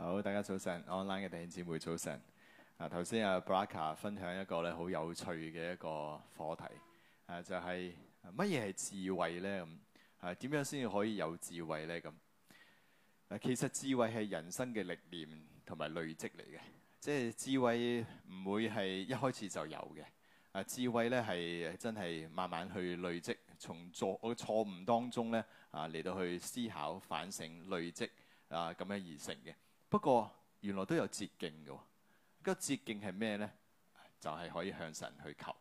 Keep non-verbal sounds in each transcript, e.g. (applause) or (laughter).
好，大家早晨，online 嘅弟兄姊妹早晨。啊，頭先阿、啊、Braca 分享一個咧好有趣嘅一個課題，誒、啊、就係乜嘢係智慧咧咁，啊點樣先可以有智慧咧咁？誒、啊、其實智慧係人生嘅歷練同埋累積嚟嘅，即係智慧唔會係一開始就有嘅。啊，智慧咧係真係慢慢去累積，從錯錯誤當中咧啊嚟到去思考反省累積啊咁樣而成嘅。不過原來都有捷徑嘅，個捷徑係咩呢？就係可以向神去求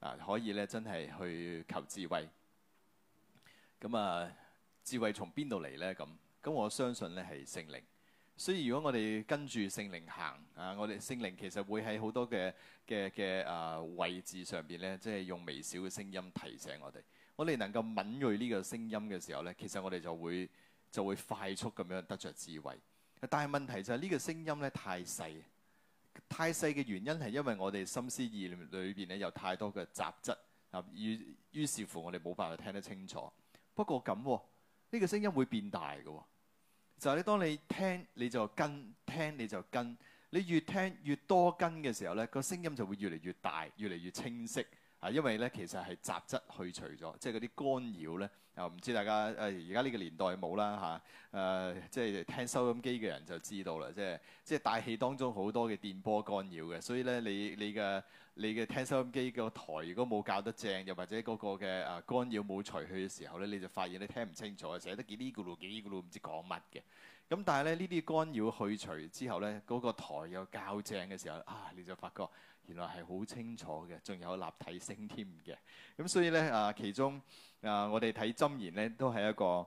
啊，可以咧真係去求智慧。咁啊，智慧從邊度嚟呢？咁咁，我相信咧係聖靈。所以如果我哋跟住聖靈行啊，我哋聖靈其實會喺好多嘅嘅嘅誒位置上邊咧，即係用微小嘅聲音提醒我哋。我哋能夠敏銳呢個聲音嘅時候咧，其實我哋就會就會快速咁樣得着智慧。但係問題就係、是、呢、呢個聲音咧太細，太細嘅原因係因為我哋心思意念裏邊咧有太多嘅雜質，啊，於於是乎我哋冇辦法聽得清楚。不過咁，呢、呢個聲音會變大嘅，就係、是、當你聽，你就跟，聽，你就跟，你越聽越多跟嘅時候咧，呢個聲音就會越嚟越大，越嚟越清晰。啊，因為咧，其實係雜質去除咗，即係嗰啲干擾咧。啊，唔知大家誒而家呢個年代冇啦嚇。誒，即係聽收音機嘅人就知道啦，即係即係大氣當中好多嘅電波干擾嘅，所以咧，你你嘅你嘅聽收音機個台如果冇校得正，又或者嗰個嘅啊干擾冇除去嘅時候咧，你就發現你聽唔清楚，寫得嘰哩咕碌嘰哩咕碌，唔知講乜嘅。咁但係咧，呢啲干擾去除之後咧，嗰個台又校正嘅時候，啊，你就發覺。原來係好清楚嘅，仲有立體聲添嘅。咁所以咧，啊，其中啊、呃，我哋睇箴言咧，都係一個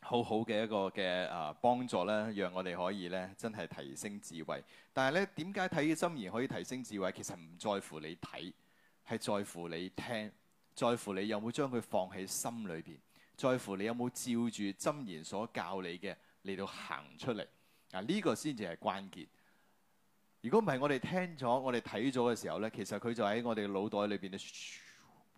好好嘅一個嘅啊幫助咧，讓我哋可以咧真係提升智慧。但係咧，點解睇箴言可以提升智慧？其實唔在乎你睇，係在乎你聽，在乎你有冇將佢放喺心裏邊，在乎你有冇照住箴言所教你嘅嚟到行出嚟啊？呢、呢個先至係關鍵。如果唔係，我哋聽咗，我哋睇咗嘅時候呢，其實佢就喺我哋腦袋裏邊咧，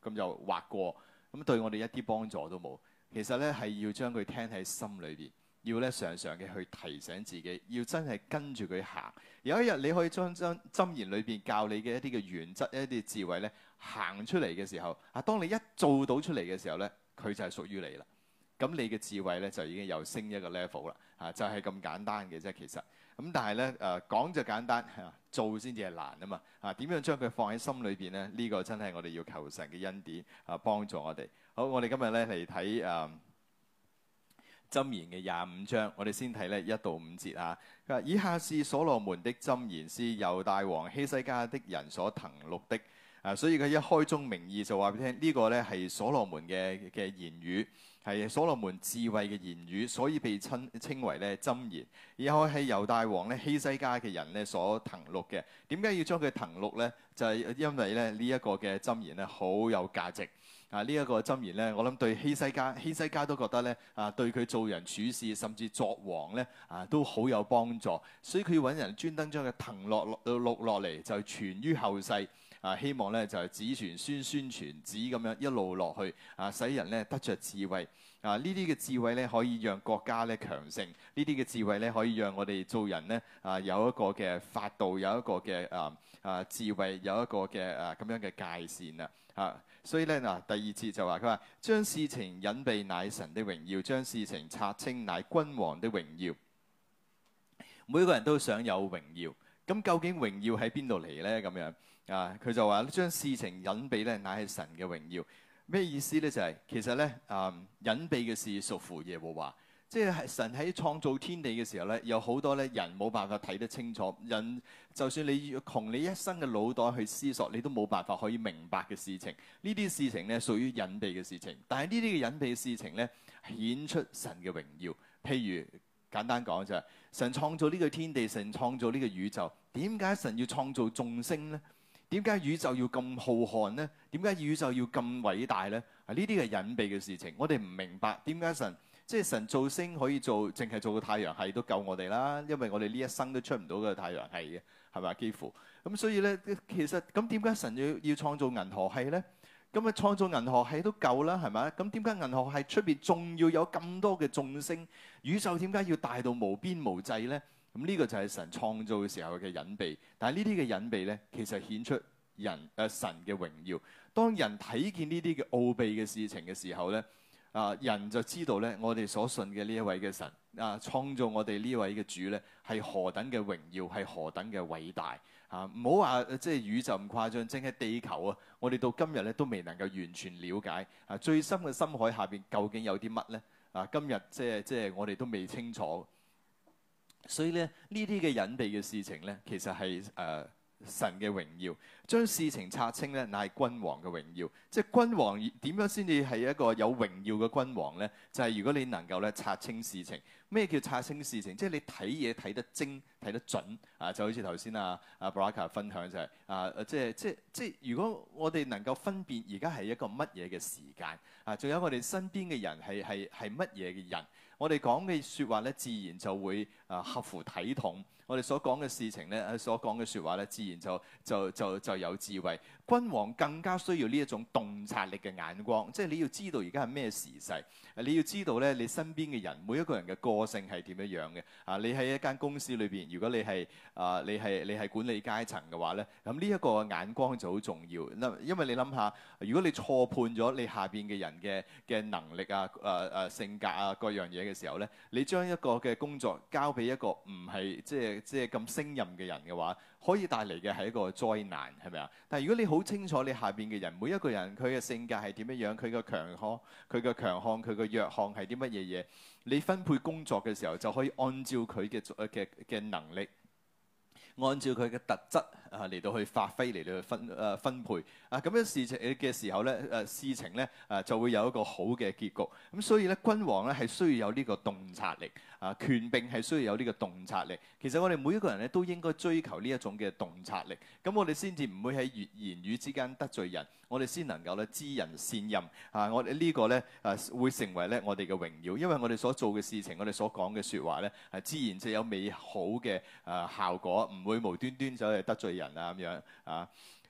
咁就滑過，咁對我哋一啲幫助都冇。其實呢，係要將佢聽喺心裏邊，要咧常常嘅去提醒自己，要真係跟住佢行。有一日你可以將箴言裏邊教你嘅一啲嘅原則、一啲嘅智慧咧行出嚟嘅時候，啊，當你一做到出嚟嘅時候呢，佢就係屬於你啦。咁你嘅智慧呢，就已經有升一個 level 啦。啊，就係、是、咁簡單嘅啫，其實。咁但係咧，誒、呃、講就簡單，做先至係難啊嘛！啊，點樣將佢放喺心裏邊咧？呢、這個真係我哋要求神嘅恩典啊，幫助我哋。好，我哋今日咧嚟睇誒箴言嘅廿五章，我哋先睇咧一到五節啊。以下是所羅門的箴言，是猶大王希西家的人所騰錄的啊。所以佢一開宗明義就話俾你聽，這個、呢個咧係所羅門嘅嘅言語。係所羅門智慧嘅言語，所以被稱稱為咧箴言。然後係猶大王咧希西家嘅人咧所騰錄嘅。點解要將佢騰錄咧？就係、是、因為咧呢一個嘅箴言咧好有價值。啊！呢一個箴言咧，我諗對希西家，希西家都覺得咧，啊對佢做人處事，甚至作王咧，啊都好有幫助。所以佢要搵人專登將佢騰落落到錄落嚟，就傳、是、於後世。啊，希望咧就係、是、子傳孫，孫傳子咁樣一路落去。啊，使人咧得着智慧。啊，呢啲嘅智慧咧，可以讓國家咧強盛。呢啲嘅智慧咧，可以讓我哋做人咧，啊有一個嘅法度，有一個嘅啊啊智慧，有一個嘅誒咁樣嘅界線啊。啊！所以咧嗱，第二節就話佢話將事情隱秘乃神的榮耀，將事情察清乃君王的榮耀。每個人都想有榮耀，咁究竟榮耀喺邊度嚟咧？咁樣啊，佢就話將事情隱秘咧乃係神嘅榮耀，咩意思咧？就係、是、其實咧啊隱秘嘅事屬乎耶和華。即係神喺創造天地嘅時候咧，有好多咧人冇辦法睇得清楚。人就算你窮你一生嘅腦袋去思索，你都冇辦法可以明白嘅事情。呢啲事情咧屬於隱秘嘅事情，但係呢啲嘅隱秘事情咧顯出神嘅榮耀。譬如簡單講啫，就係，神創造呢個天地，神創造呢個宇宙，點解神要創造眾星呢？點解宇宙要咁浩瀚呢？點解宇宙要咁偉大呢？啊，呢啲係隱秘嘅事情，我哋唔明白點解神。即係神造星可以做，淨係做個太陽系都夠我哋啦，因為我哋呢一生都出唔到個太陽系嘅，係咪啊？幾乎。咁所以咧，其實咁點解神要要創造銀河系咧？咁啊，創造銀河系都夠啦，係咪？咁點解銀河系出邊仲要有咁多嘅眾星？宇宙點解要大到無邊無際咧？咁呢個就係神創造嘅時候嘅隱秘。但係呢啲嘅隱秘咧，其實顯出人誒、呃、神嘅榮耀。當人睇見呢啲嘅奧秘嘅事情嘅時候咧。啊！人就知道咧，我哋所信嘅呢一位嘅神啊，創造我哋呢位嘅主咧，係何等嘅榮耀，係何等嘅偉大啊！唔好話即係宇宙咁誇張，淨係地球啊，我哋到今日咧都未能夠完全了解啊！最深嘅深海下面究竟有啲乜咧？啊！今日即係即係我哋都未清楚，所以咧呢啲嘅隱蔽嘅事情咧，其實係誒。呃神嘅榮耀，將事情拆清咧，乃係君王嘅榮耀。即係君王點樣先至係一個有榮耀嘅君王咧？就係、是、如果你能夠咧拆清事情，咩叫拆清事情？即係你睇嘢睇得精、睇得準啊！就好似頭先啊啊布拉卡分享就係、是、啊，即係即係即係，如果我哋能夠分辨而家係一個乜嘢嘅時間啊，仲有我哋身邊嘅人係係係乜嘢嘅人，我哋講嘅説話咧，自然就會啊合乎體統。我哋所講嘅事情咧，所講嘅説話咧，自然就就就就有智慧。君王更加需要呢一種洞察力嘅眼光，即係你要知道而家係咩時勢，你要知道咧你身邊嘅人每一個人嘅個性係點樣樣嘅。啊，你喺一間公司裏邊，如果你係啊，你係你係管理階層嘅話咧，咁呢一個眼光就好重要。諗，因為你諗下，如果你錯判咗你下邊嘅人嘅嘅能力啊、誒、啊、誒、啊、性格啊各樣嘢嘅時候咧，你將一個嘅工作交俾一個唔係即係。即係咁升任嘅人嘅話，可以帶嚟嘅係一個災難，係咪啊？但係如果你好清楚你下邊嘅人每一個人佢嘅性格係點樣樣，佢嘅強項、佢嘅強項、佢嘅弱項係啲乜嘢嘢，你分配工作嘅時候就可以按照佢嘅嘅嘅能力。按照佢嘅特質啊嚟到去發揮，嚟到去分啊分配啊咁樣事情嘅時候咧，誒事情咧誒就會有一個好嘅結局。咁所以咧，君王咧係需要有呢個洞察力啊，權柄係需要有呢個洞察力。其實我哋每一個人咧都應該追求呢一種嘅洞察力。咁我哋先至唔會喺言語之間得罪人，我哋先能夠咧知人善任啊！我哋呢個咧誒會成為咧我哋嘅榮耀，因為我哋所做嘅事情，我哋所講嘅說話咧，係自然就有美好嘅誒效果，唔會。佢無端端就係得罪人啊咁樣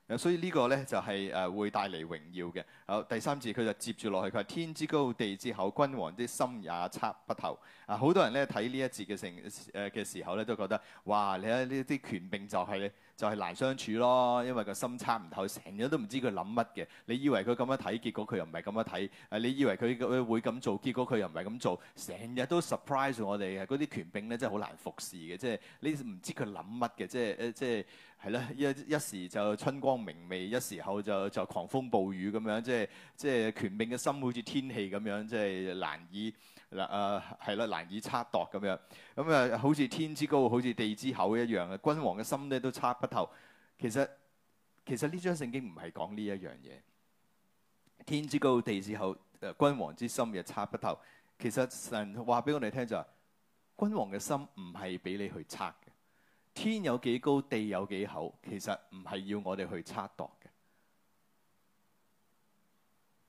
啊，所以呢個呢就係、是、誒、呃、會帶嚟榮耀嘅。好，第三節佢就接住落去，佢話天之高，地之厚，君王之心也測不透。啊，好多人呢睇呢一節嘅成誒嘅時候呢，都覺得哇！你睇呢啲權柄就係、是、咧。就係難相處咯，因為個心猜唔透，成日都唔知佢諗乜嘅。你以為佢咁樣睇，結果佢又唔係咁樣睇；誒，你以為佢會會咁做，結果佢又唔係咁做，成日都 surprise 我哋嘅。嗰啲權柄咧真係好難服侍嘅，即係你唔知佢諗乜嘅，即係誒，即係係啦，一一時就春光明媚，一時候就就狂風暴雨咁樣，即係即係權柄嘅心好似天氣咁樣，即係難以。嗱，誒係啦，難以測度咁樣，咁、嗯、誒好似天之高，好似地之厚一樣嘅君王嘅心咧都測不透。其實其實呢張聖經唔係講呢一樣嘢。天之高地之厚，君王之心亦測不透。其實神話俾我哋聽就話、係，君王嘅心唔係俾你去測嘅。天有幾高，地有幾厚，其實唔係要我哋去測度嘅。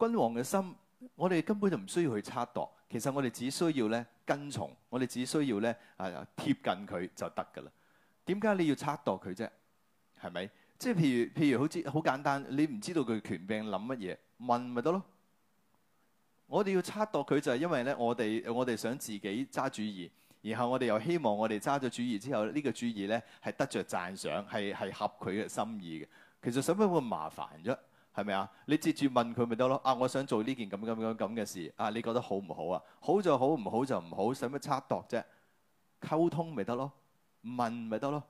君王嘅心，我哋根本就唔需要去測度。其實我哋只需要咧跟從，我哋只需要咧啊貼近佢就得㗎啦。點解你要測度佢啫？係咪？即係譬如譬如好似好簡單，你唔知道佢權柄諗乜嘢，問咪得咯？我哋要測度佢就係因為咧，我哋我哋想自己揸主意，然後我哋又希望我哋揸咗主意之後，呢個主意咧係得着讚賞，係係合佢嘅心意嘅。其實使乜咁麻煩啫？係咪啊？你接住問佢咪得咯？啊，我想做呢件咁咁咁咁嘅事，啊，你覺得好唔好啊？好就好，唔好就唔好，使乜測度啫？溝通咪得咯，問咪得咯。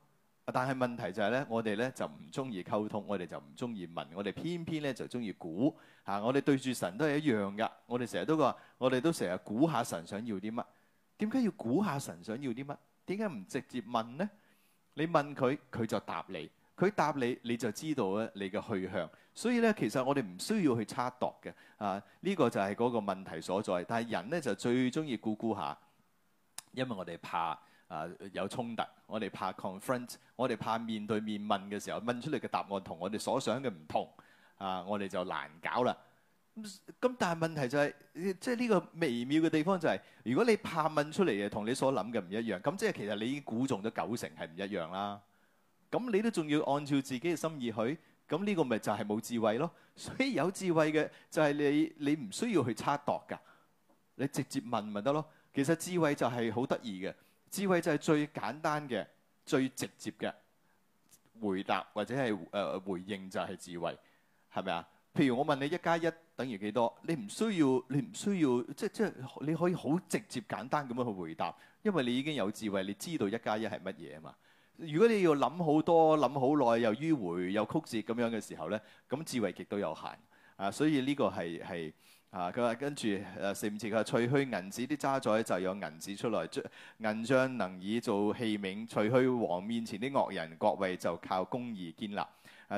但係問題就係咧，我哋咧就唔中意溝通，我哋就唔中意問，我哋偏偏咧就中意估吓。我哋對住神都係一樣㗎，我哋成日都話，我哋都成日估下神想要啲乜？點解要估下神想要啲乜？點解唔直接問咧？你問佢，佢就答你。佢答你，你就知道咧你嘅去向。所以咧，其實我哋唔需要去猜度嘅。啊，呢個就係嗰個問題所在。但係人咧就最中意估估下，因為我哋怕啊有衝突，我哋怕 confront，我哋怕面對面問嘅時候問出嚟嘅答案同我哋所想嘅唔同啊，我哋就難搞啦。咁但係問題就係，即係呢個微妙嘅地方就係，如果你怕問出嚟嘅同你所諗嘅唔一樣，咁即係其實你已經估中咗九成係唔一樣啦。咁你都仲要按照自己嘅心意去，咁呢個咪就係冇智慧咯？所以有智慧嘅就係你，你唔需要去測度噶，你直接問咪得咯。其實智慧就係好得意嘅，智慧就係最簡單嘅、最直接嘅回答或者係誒、呃、回應就係智慧，係咪啊？譬如我問你一加一等於幾多，你唔需要，你唔需要，即即你可以好直接簡單咁樣去回答，因為你已經有智慧，你知道一加一係乜嘢啊嘛。如果你要諗好多、諗好耐又迂回又曲折咁樣嘅時候呢，咁智慧極都有限啊！所以呢個係係啊，佢話跟住誒、啊，是不是佢話除去銀子啲渣滓，就有銀子出來，銀匠能以做器皿，除去王面前啲惡人，國位就靠公義建立。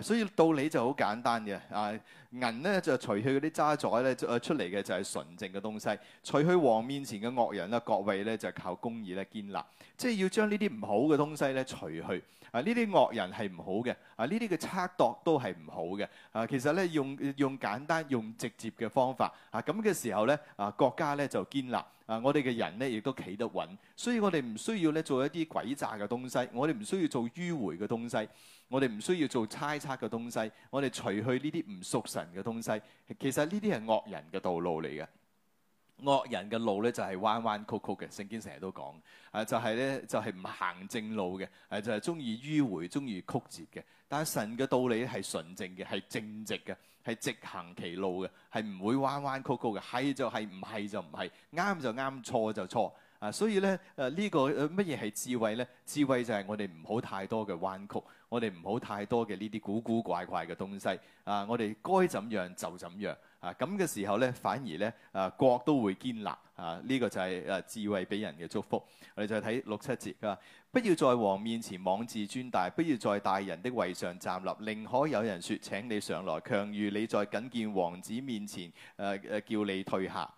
所以道理就好簡單嘅，啊銀咧就除去嗰啲渣滓咧，誒出嚟嘅就係純淨嘅東西。除去王面前嘅惡人啦，國位咧就靠公義咧堅立，即係要將呢啲唔好嘅東西咧除去。啊！呢啲惡人係唔好嘅，啊呢啲嘅測度都係唔好嘅，啊其實咧用用簡單、用直接嘅方法，啊咁嘅時候咧，啊國家咧就堅立，啊我哋嘅人咧亦都企得穩，所以我哋唔需要咧做一啲詭詐嘅東西，我哋唔需要做迂迴嘅東西，我哋唔需要做猜測嘅東西，我哋除去呢啲唔屬神嘅東西，其實呢啲係惡人嘅道路嚟嘅。惡人嘅路咧就係彎彎曲曲嘅，聖經成日都講，啊就係咧就係唔行正路嘅，誒就係中意迂迴、中意曲折嘅。但係神嘅道理係純正嘅，係正直嘅，係直行其路嘅，係唔會彎彎曲曲嘅。係就係，唔係就唔係，啱就啱，錯就錯。啊，所以咧誒呢個乜嘢係智慧咧？智慧就係我哋唔好太多嘅彎曲。我哋唔好太多嘅呢啲古古怪怪嘅東西啊！我哋該怎樣就怎樣啊！咁嘅時候呢，反而呢，啊，國都會堅立啊！呢、這個就係、是、啊智慧俾人嘅祝福。我哋就睇六七節啊！不要在王面前妄自尊大，不要在大人的位上站立，寧可有人説請你上來，強如你在覲見王子面前誒誒叫你退下。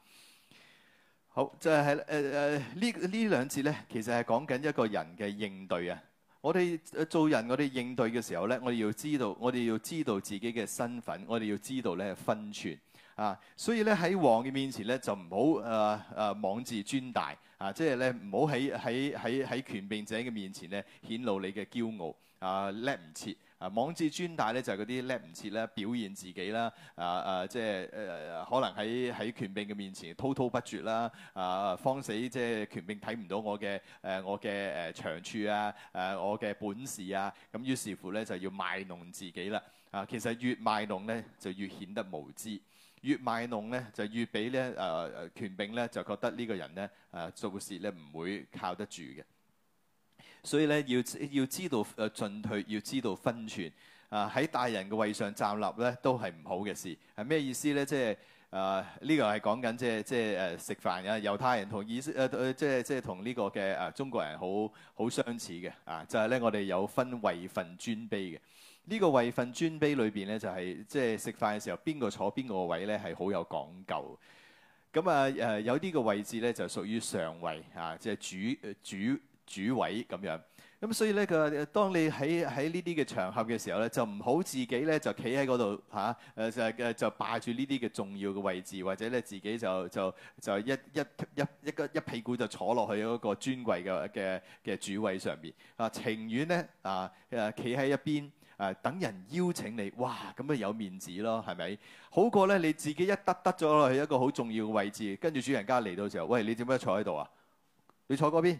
好，即係喺誒誒呢呢兩節呢，其實係講緊一個人嘅應對啊！我哋誒做人，我哋應對嘅時候咧，我哋要知道，我哋要知道自己嘅身份，我哋要知道咧分寸啊。所以咧喺王嘅面前咧，就唔好誒誒妄自尊大啊。即係咧唔好喺喺喺喺權柄者嘅面前咧顯露你嘅驕傲啊叻唔切。啊，妄自尊大咧就係嗰啲叻唔切咧，表現自己啦，啊啊、呃、即係誒、呃、可能喺喺權柄嘅面前滔滔不絕啦，啊慌死即係權柄睇唔到我嘅誒、呃、我嘅誒長處啊，誒我嘅本事啊，咁於是乎咧就要賣弄自己啦，啊其實越賣弄咧就越顯得無知，越賣弄咧就越俾咧誒權柄咧就覺得呢個人咧誒、呃、做事咧唔會靠得住嘅。所以咧要要知道誒進退，要知道分寸。啊，喺大人嘅位上站立咧，都係唔好嘅事。係咩意思咧？即係誒呢個係講緊即係即係誒食飯嘅猶太人同伊斯誒誒，即係即係同呢個嘅誒、啊、中國人好好相似嘅。啊，就係咧，我哋有分位分尊卑嘅。呢、這個位分尊卑裏邊咧，就係即係食飯嘅時候，邊個坐邊個位咧，係好有講究。咁啊誒，有啲嘅位置咧、啊，就屬於上位啊，即係主誒主。呃主主位咁樣，咁所以咧，佢話：當你喺喺呢啲嘅場合嘅時候咧，就唔好自己咧就企喺嗰度嚇，誒、啊、就誒就霸住呢啲嘅重要嘅位置，或者咧自己就就就一一一一一屁股就坐落去嗰個尊貴嘅嘅嘅主位上邊啊，情願咧啊誒企喺一邊誒、啊、等人邀請你，哇咁啊有面子咯，係咪？好過咧你自己一得得咗落去一個好重要嘅位置，跟住主人家嚟到時候，喂，你點解坐喺度啊？你坐嗰邊？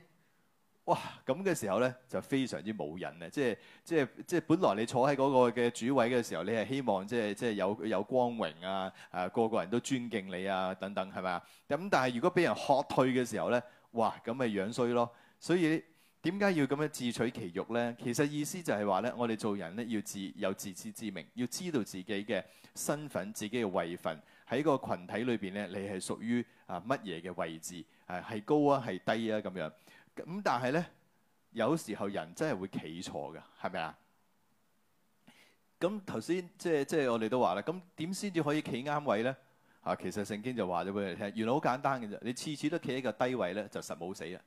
哇！咁嘅時候咧，就非常之冇忍咧，即係即係即係，本來你坐喺嗰個嘅主位嘅時候，你係希望即係即係有有光榮啊！誒、啊，個個人都尊敬你啊，等等係咪？咁但係如果俾人喝退嘅時候咧，哇！咁咪樣衰咯。所以點解要咁樣自取其辱咧？其實意思就係話咧，我哋做人咧要自有自知之明，要知道自己嘅身份，自己嘅位份喺個群體裏邊咧，你係屬於啊乜嘢嘅位置？誒、啊、係高啊，係低啊咁樣。咁但係咧，有時候人真係會企錯噶，係咪啊？咁頭先即係即係我哋都話啦，咁點先至可以企啱位咧？啊，其實聖經就話咗俾你聽，原來好簡單嘅啫。你次次都企喺個低位咧，就實冇死啊。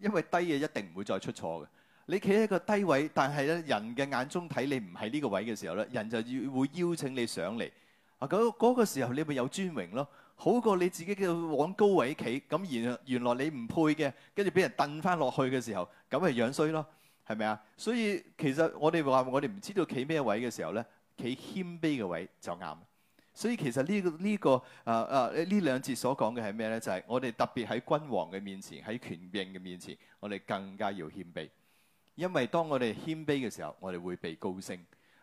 因為低嘅一定唔會再出錯嘅。你企喺個低位，但係咧，人嘅眼中睇你唔係呢個位嘅時候咧，人就要會邀請你上嚟啊。咁嗰個時候你咪有尊榮咯。好過你自己嘅往高位企，咁原原來你唔配嘅，跟住俾人掟翻落去嘅時候，咁係樣衰咯，係咪啊？所以其實我哋話我哋唔知道企咩位嘅時候咧，企謙卑嘅位就啱。所以其實呢個呢個誒誒呢兩節所講嘅係咩咧？就係、是、我哋特別喺君王嘅面前，喺權柄嘅面前，我哋更加要謙卑。因為當我哋謙卑嘅時候，我哋會被高升。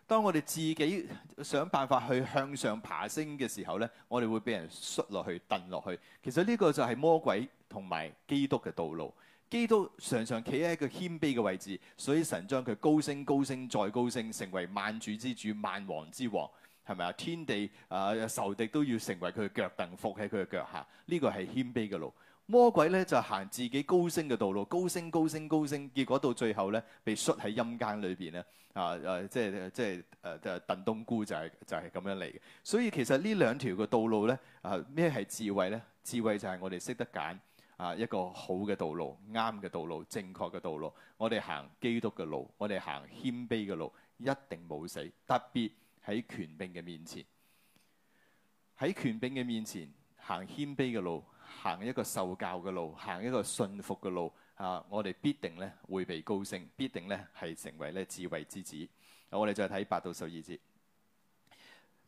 當我哋自己想辦法去向上爬升嘅時候咧，我哋會俾人摔落去、墊落去。其實呢個就係魔鬼同埋基督嘅道路。基督常常企喺一個謙卑嘅位置，所以神將佢高升、高升、再高升，成為萬主之主、萬王之王，係咪啊？天地啊、呃，仇敵都要成為佢嘅腳凳，伏喺佢嘅腳下。呢、這個係謙卑嘅路。魔鬼咧就行自己高升嘅道路，高升高升高升，結果到最後咧被摔喺陰間裏邊咧啊誒、呃，即係即係誒，鄧、呃、東姑就係、係、就係、係、咁樣嚟嘅。所以其實呢兩條嘅道路咧啊，咩係智慧咧？智慧就係我哋識得揀啊一個好嘅道路、啱嘅道路、正確嘅道路。我哋行基督嘅路，我哋行謙卑嘅路，一定冇死。特別喺權柄嘅面前，喺權柄嘅面前行謙卑嘅路。行一個受教嘅路，行一個信服嘅路，啊！我哋必定咧會被高升，必定咧係成為咧智慧之子。我哋再睇八到十二節。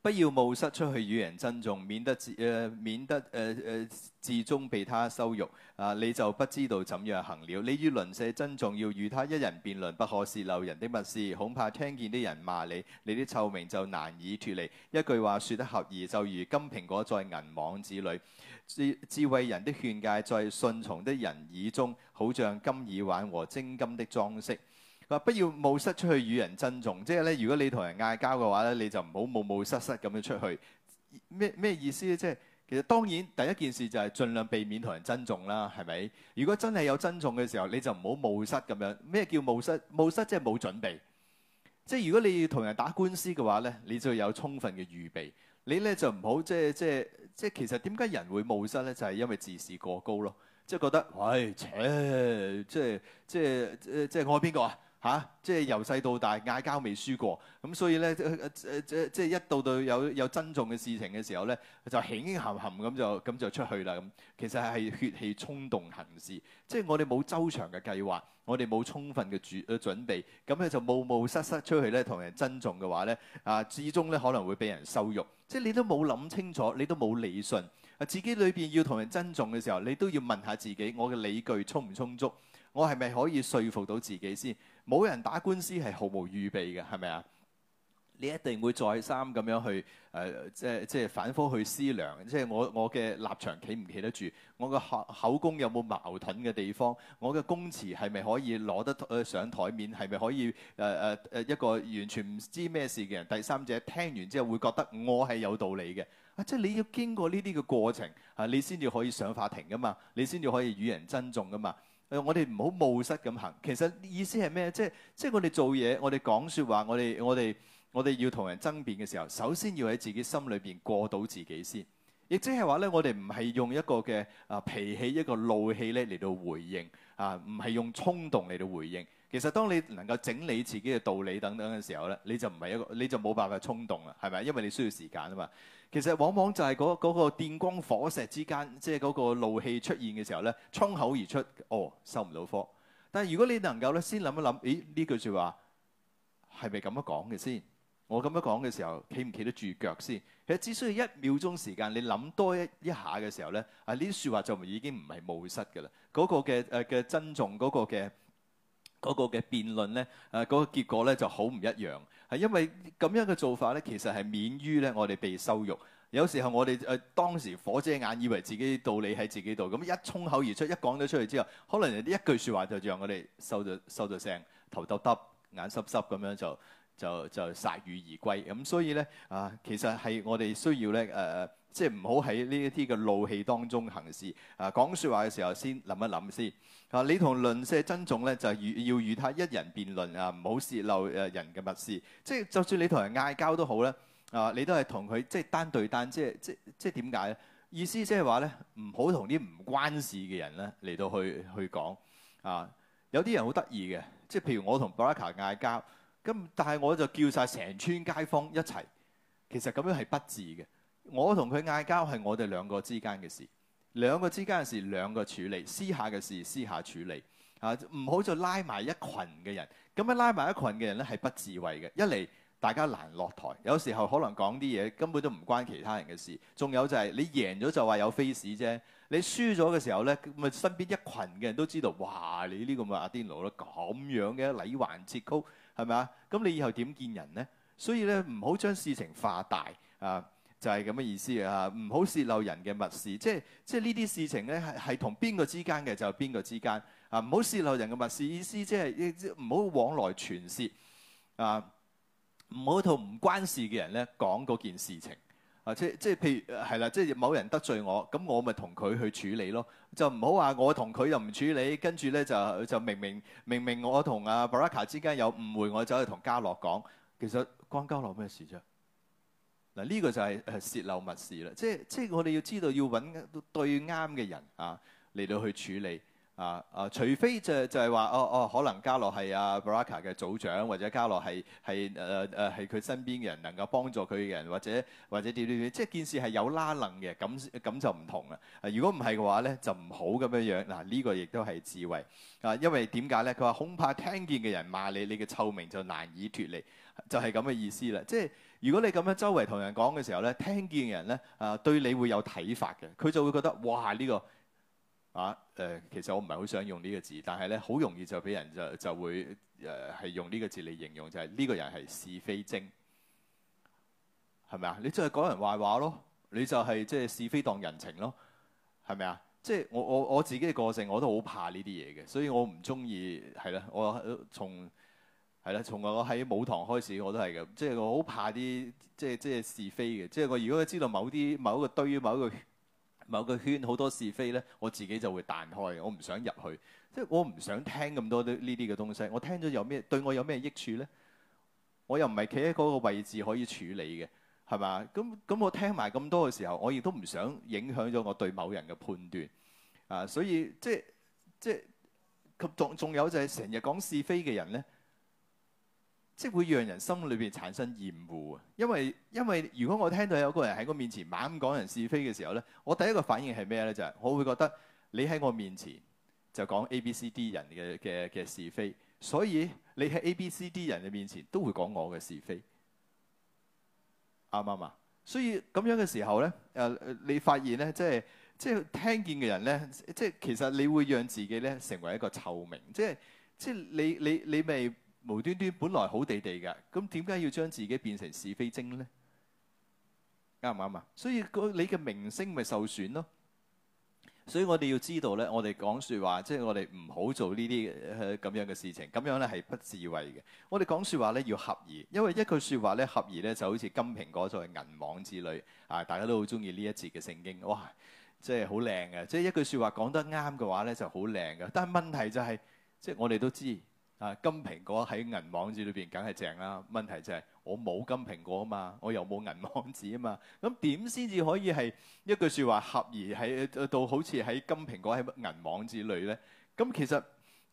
不要冒失出去與人爭競，免得自誒、呃、免得誒誒、呃、至終被他羞辱。啊，你就不知道怎樣行了。你與鄰舍爭訟，要與他一人辯論，不可洩漏人的密事，恐怕聽見的人罵你，你的臭名就難以脱離。一句話說得合宜，就如金蘋果在銀網子裏；智智慧人的勸戒在信從的人耳中，好像金耳環和精金的裝飾。不要冒失出去與人爭競，即係咧，如果你同人嗌交嘅話咧，你就唔好冒冒失失咁樣出去。咩咩意思咧？即係其實當然第一件事就係盡量避免同人爭競啦，係咪？如果真係有爭競嘅時候，你就唔好冒失咁樣。咩叫冒失？冒失即係冇準備。即係如果你要同人打官司嘅話咧，你就有充分嘅預備。你咧就唔好即係即係即係其實點解人會冒失咧？就係因為自視過高咯。即係覺得喂，切，即係即係即係我係邊個啊？吓、啊！即係由細到大，嗌交未輸過咁，所以咧、呃呃，即係即即係一到到有有爭訟嘅事情嘅時候咧，就輕輕含含咁就咁就出去啦。咁其實係血氣衝動行事，即係我哋冇周詳嘅計劃，我哋冇充分嘅準準備，咁咧就冒冒失失出去咧同人爭訟嘅話咧，啊，至終咧可能會俾人羞辱。即係你都冇諗清楚，你都冇理順，自己裏邊要同人爭訟嘅時候，你都要問下自己，我嘅理據充唔充足？我係咪可以說服到自己先？冇人打官司係毫無預備嘅，係咪啊？你一定會再三咁樣去誒、呃，即係即係反覆去思量，即係我我嘅立場企唔企得住，我嘅口口供有冇矛盾嘅地方，我嘅供詞係咪可以攞得上枱面，係咪可以誒誒誒一個完全唔知咩事嘅人，第三者聽完之後會覺得我係有道理嘅啊！即係你要經過呢啲嘅過程啊，你先至可以上法庭噶嘛，你先至可以與人爭訟噶嘛。我哋唔好冒失咁行，其實意思係咩？即係即係我哋做嘢，我哋講說話，我哋我哋我哋要同人爭辯嘅時候，首先要喺自己心裏邊過到自己先，亦即係話咧，我哋唔係用一個嘅啊脾氣，一個怒氣咧嚟到回應啊，唔係用衝動嚟到回應。其實，當你能夠整理自己嘅道理等等嘅時候咧，你就唔係一個，你就冇辦法衝動啦，係咪？因為你需要時間啊嘛。其實往往就係嗰嗰個電光火石之間，即係嗰個怒氣出現嘅時候咧，衝口而出，哦，收唔到科。但係如果你能夠咧，先諗一諗，誒呢句説話係咪咁樣講嘅先？我咁樣講嘅時候，企唔企得住腳先？其實只需要一秒鐘時間，你諗多一一下嘅時候咧，啊呢啲説話就已經唔係冒失嘅啦。嗰個嘅誒嘅珍重，嗰個嘅。嗰個嘅辯論咧，誒、那、嗰個結果咧就好唔一樣，係因為咁樣嘅做法咧，其實係免於咧我哋被羞辱。有時候我哋誒、呃、當時火遮眼，以為自己道理喺自己度，咁一衝口而出，一講咗出去之後，可能一句説話就讓我哋收咗收咗聲，到聲頭耷耷、眼濕濕咁樣就就就鎩羽而歸。咁所以咧啊、呃，其實係我哋需要咧誒，即係唔好喺呢一啲嘅怒氣當中行事。啊、呃，講説話嘅時候先諗一諗先。啊！你同鄰舍爭訟咧，就係要與他一人辯論啊，唔好泄漏誒、啊、人嘅密事。即係就算你同人嗌交都好咧，啊，你都係同佢即係單對單，即係即即點解咧？意思即係話咧，唔好同啲唔關事嘅人咧嚟到去去講。啊，有啲人好得意嘅，即係譬如我同布拉卡嗌交，咁但係我就叫晒成村街坊一齊。其實咁樣係不智嘅。我同佢嗌交係我哋兩個之間嘅事。兩個之間嘅事兩個處理，私下嘅事私下處理，啊，唔好就拉埋一群嘅人，咁樣拉埋一群嘅人咧係不智慧嘅。一嚟大家難落台，有時候可能講啲嘢根本都唔關其他人嘅事。仲有就係你贏咗就話有 face 啫，你輸咗嘅時候咧，咪身邊一群嘅人都知道，哇！你呢個咪阿癲佬囉，咁樣嘅禮還節曲，係咪啊？咁你以後點見人呢？」所以咧唔好將事情化大啊！就係咁嘅意思啊。唔好泄漏人嘅密事，即係即係呢啲事情咧係係同邊個之間嘅就係邊個之間啊！唔好泄漏人嘅密事，意思即係唔好往來傳説啊，唔好同唔關事嘅人咧講嗰件事情，或者啊，即係譬如係啦，即係某人得罪我，咁我咪同佢去處理咯，就唔好話我同佢又唔處理，跟住咧就就明明明明我同阿布拉卡之間有誤會，我走去同家樂講，其實關家樂咩事啫？嗱呢個就係誒洩漏密事啦，即係即係我哋要知道要揾對啱嘅人啊嚟到去處理啊啊，除非就就係就係話哦哦，可能加洛係阿布拉卡嘅組長，或者加洛係係誒誒係佢身邊嘅人能夠幫助佢嘅人，或者或者點點點，即係件事係有拉楞嘅，咁咁就唔同啦、啊。如果唔係嘅話咧，就唔好咁樣樣。嗱、啊、呢、呢個亦都係智慧啊，因為點解咧？佢話恐怕聽見嘅人罵你，你嘅臭名就難以脱離，就係咁嘅意思啦。即係。即如果你咁樣周圍同人講嘅時候咧，聽見嘅人咧，啊對你會有睇法嘅，佢就會覺得哇呢、呢個啊誒、呃，其實我唔係好想用呢個字，但係咧好容易就俾人就就會誒係、呃、用呢個字嚟形容，就係、是、呢個人係是,是非精，係咪啊？你就係講人壞話咯，你就係即係是非當人情咯，係咪啊？即、就、係、是、我我我自己嘅個性，我都好怕呢啲嘢嘅，所以我唔中意係啦，我從。係啦，從我喺母堂開始，我都係嘅，即係我好怕啲，即係即係是，是非嘅。即係我如果知道某啲某一個堆於某一個某個圈好多是非咧，我自己就會彈開，我唔想入去，即係我唔想聽咁多呢啲嘅東西。我聽咗有咩對我有咩益處咧？我又唔係企喺嗰個位置可以處理嘅，係嘛？咁咁我聽埋咁多嘅時候，我亦都唔想影響咗我對某人嘅判斷。啊，所以即係即係仲仲有就係、是、成日講是非嘅人咧。即係會讓人心裏邊產生厭惡啊！因為因為如果我聽到有個人喺我面前猛咁講人是非嘅時候咧，我第一個反應係咩咧？就係、是、我會覺得你喺我面前就講 A、B、C、D 人嘅嘅嘅是非，所以你喺 A、B、C、D 人嘅面前都會講我嘅是非，啱唔啱啊？所以咁樣嘅時候咧，誒、呃、你發現咧，即係即係聽見嘅人咧，即係其實你會讓自己咧成為一個臭名，即係即係你你你，你未。無端端，本來好地地嘅，咁點解要將自己變成是非精咧？啱唔啱啊？所以你嘅名聲咪受損咯。所以我哋要知道咧，我哋講説話，即係我哋唔好做呢啲咁樣嘅事情，咁樣咧係不智慧嘅。我哋講説話咧要合宜，因為一句説話咧合宜咧就好似金蘋果作為銀網之類啊，大家都好中意呢一節嘅聖經，哇，即係好靚嘅。即係一句説話講得啱嘅話咧就好靚嘅，但係問題就係即係我哋都知。啊，金蘋果喺銀網子裏邊梗係正啦，問題就係我冇金蘋果啊嘛，我又冇銀網子啊嘛，咁點先至可以係一句説話合宜喺到好似喺金蘋果喺銀網子裏咧？咁其實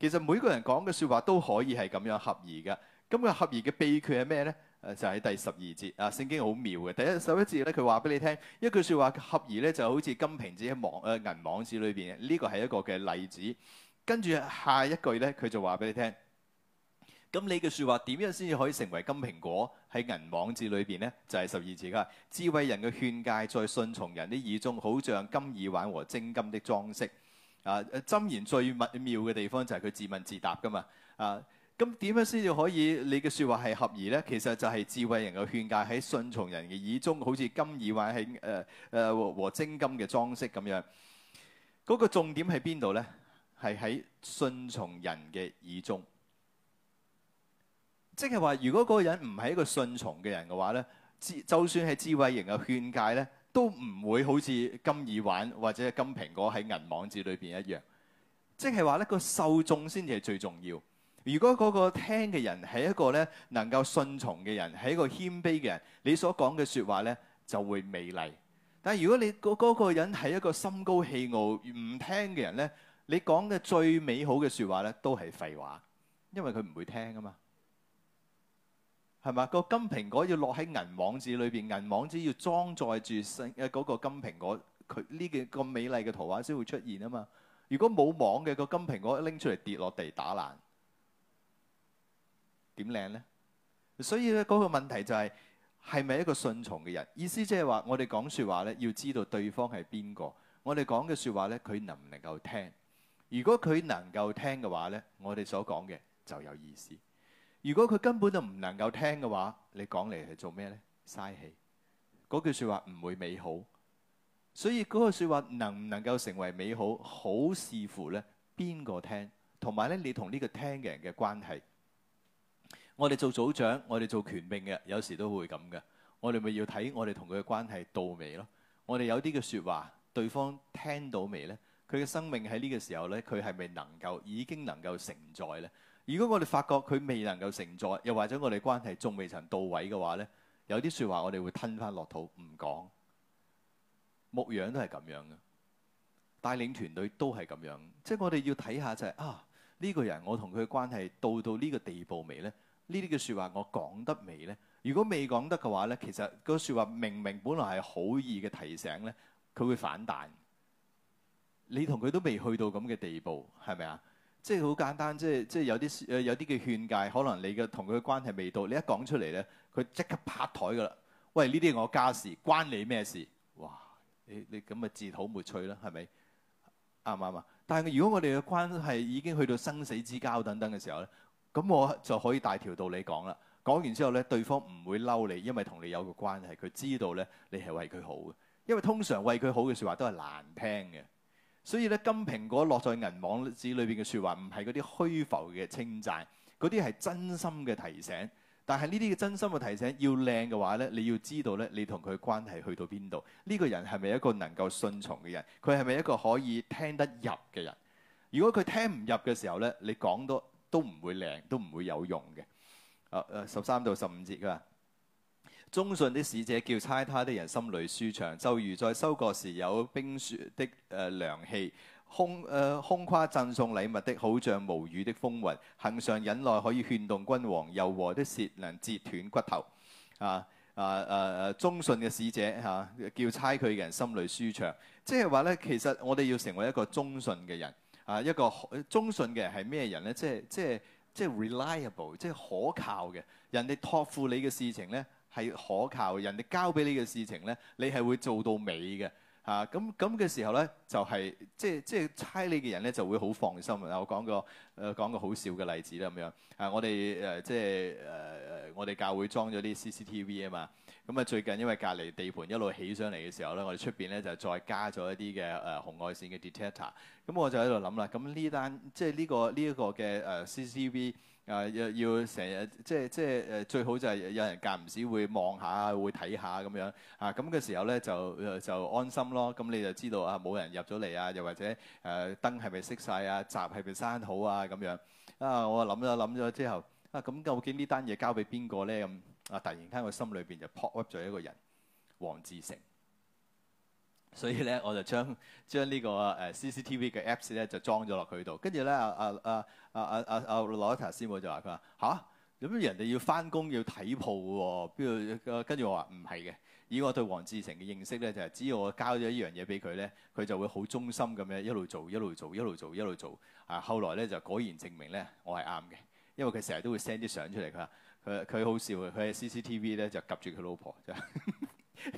其實每個人講嘅説話都可以係咁樣合宜嘅。咁、那、佢、個、合宜嘅秘訣係咩咧？誒就喺、是、第十二節啊，聖經好妙嘅。第一首一節咧，佢話俾你聽，一句説話合宜咧就好似金蘋果喺網誒銀網子裏邊，呢個係一個嘅例子。跟住下一句咧，佢就話俾你聽。咁你嘅說話點樣先至可以成為金蘋果喺銀網子裏邊呢，就係十二字噶，智慧人嘅勸誡在順從人的耳中，好像金耳環和精金的裝飾。啊誒，箴言最密妙嘅地方就係佢自問自答噶嘛。啊，咁點樣先至可以你嘅說話係合宜呢？其實就係智慧人嘅勸誡喺順從人嘅耳中，好似金耳環喺誒誒和和精金嘅裝飾咁、啊啊啊、樣。嗰、那個重點喺邊度呢？係喺順從人嘅耳中。即係話，如果嗰個人唔係一個順從嘅人嘅話咧，智就算係智慧型嘅勸誡咧，都唔會好似金耳環或者金蘋果喺銀網子裏邊一樣。即係話咧，呢個受眾先至係最重要。如果嗰個聽嘅人係一個咧能夠順從嘅人，係一個謙卑嘅人，你所講嘅説話咧就會美麗。但係如果你嗰嗰個人係一個心高氣傲唔聽嘅人咧，你講嘅最美好嘅説話咧都係廢話，因為佢唔會聽啊嘛。係嘛？個金蘋果要落喺銀網子裏邊，銀網子要裝載住盛嗰個金蘋果，佢呢個咁美麗嘅圖畫先會出現啊嘛！如果冇網嘅，個金蘋果拎出嚟跌落地打爛，點靚呢？所以咧，嗰個問題就係係咪一個順從嘅人？意思即係話，我哋講説話咧，要知道對方係邊個，我哋講嘅説話咧，佢能唔能夠聽？如果佢能夠聽嘅話咧，我哋所講嘅就有意思。如果佢根本就唔能夠聽嘅話，你講嚟係做咩呢？嘥氣，嗰句説話唔會美好。所以嗰個説話能唔能夠成為美好，好視乎咧邊個聽，同埋咧你同呢個聽嘅人嘅關係。我哋做組長，我哋做權柄嘅，有時都會咁嘅。我哋咪要睇我哋同佢嘅關係到未咯？我哋有啲嘅説話，對方聽到未呢？佢嘅生命喺呢個時候咧，佢係咪能夠已經能夠承載呢？如果我哋發覺佢未能夠承載，又或者我哋關係仲未曾到位嘅話咧，有啲説話我哋會吞翻落肚唔講。牧養都係咁樣嘅，帶領團隊都係咁樣。即係我哋要睇下就係啊，呢個人我同佢嘅關係到到呢個地步未咧？呢啲嘅説話我講得未咧？如果未講得嘅話咧，其實個説話明明本來係好意嘅提醒咧，佢會反彈。你同佢都未去到咁嘅地步，係咪啊？即係好簡單，即係即係有啲誒有啲嘅勸戒，可能你嘅同佢嘅關係未到，你一講出嚟咧，佢即刻拍台㗎啦！喂，呢啲我家事，關你咩事？哇！你你咁咪自討沒趣啦，係咪？啱唔啱啊？但係如果我哋嘅關係已經去到生死之交等等嘅時候咧，咁我就可以大條道理講啦。講完之後咧，對方唔會嬲你，因為同你有個關係，佢知道咧你係為佢好嘅。因為通常為佢好嘅説話都係難聽嘅。所以咧，金蘋果落在銀網子裏邊嘅說話，唔係嗰啲虛浮嘅稱讚，嗰啲係真心嘅提醒。但係呢啲嘅真心嘅提醒，要靚嘅話咧，你要知道咧，你同佢關係去到邊度？呢、這個人係咪一個能夠順從嘅人？佢係咪一個可以聽得入嘅人？如果佢聽唔入嘅時候咧，你講多都唔會靚，都唔會，會有用嘅。啊啊，十三到十五節㗎。忠信的使者叫猜他的人心裏舒暢，就如在收割時有冰雪的誒涼氣，空誒空誇贈送禮物的好像無雨的風雲，恒常忍耐可以勸動君王，柔和的舌能截斷骨頭。啊啊誒誒，忠信嘅使者吓，啊，叫猜佢嘅人心裏舒暢，即係話咧，其實我哋要成為一個忠信嘅人啊，一個忠信嘅人係咩人咧？即係、即係、即係、reliable，即係可靠嘅，人哋託付你嘅事情咧。係可靠，人哋交俾你嘅事情咧，你係會做到尾嘅嚇。咁咁嘅時候咧，就係、是、即係即係猜你嘅人咧，就會好放心。我講個誒講、呃、個好笑嘅例子啦咁樣。誒、啊、我哋誒、呃、即係誒、呃、我哋教會裝咗啲 CCTV 啊嘛。咁啊最近因為隔離地盤一路起上嚟嘅時候咧，我哋出邊咧就再加咗一啲嘅誒紅外線嘅 detector、啊。咁我就喺度諗啦，咁、啊、呢單即係、這、呢個呢一、這個嘅誒、呃、CCTV。啊、呃！要要成日即係即係誒，最好就係有人間唔時會望下、會睇下咁樣啊！咁嘅時候咧，就、呃、就安心咯。咁你就知道啊，冇人入咗嚟啊，又或者誒燈係咪熄晒啊？是是閘係咪閂好啊？咁樣啊！我諗咗諗咗之後啊，咁究竟呢單嘢交俾邊個咧？咁、嗯、啊，突然間我心裏邊就 pop up 咗一個人，黃志成。所以咧，我就將將個就呢個誒 CCTV 嘅 Apps 咧就裝咗落佢度，跟住咧啊啊啊啊啊啊羅一達師母就話：佢話吓？咁人哋要翻工要睇鋪喎，邊個？跟住我話唔係嘅，以我對黃志成嘅認識咧，就係、是、只要我交咗依樣嘢俾佢咧，佢就會好忠心咁樣一路做一路做一路做一路做，做，做。啊，後來咧就果然證明咧，我係啱嘅，因為佢成日都會 send 啲相出嚟，佢話佢佢好笑，佢喺 CCTV 咧就夾住佢老婆。就是 (laughs)